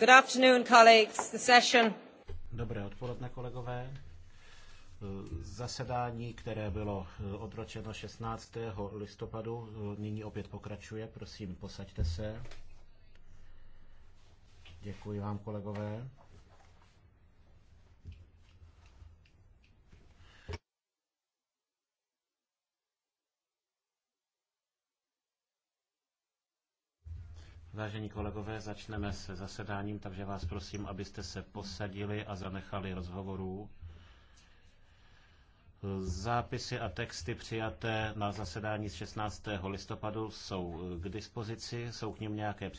Good afternoon, colleagues. The session. Dobré odpoledne, kolegové. Zasedání, které bylo odročeno 16. listopadu, nyní opět pokračuje. Prosím, posaďte se. Děkuji vám, kolegové. Vážení kolegové, začneme se zasedáním, takže vás prosím, abyste se posadili a zanechali rozhovorů. Zápisy a texty přijaté na zasedání z 16. listopadu jsou k dispozici, jsou k nim nějaké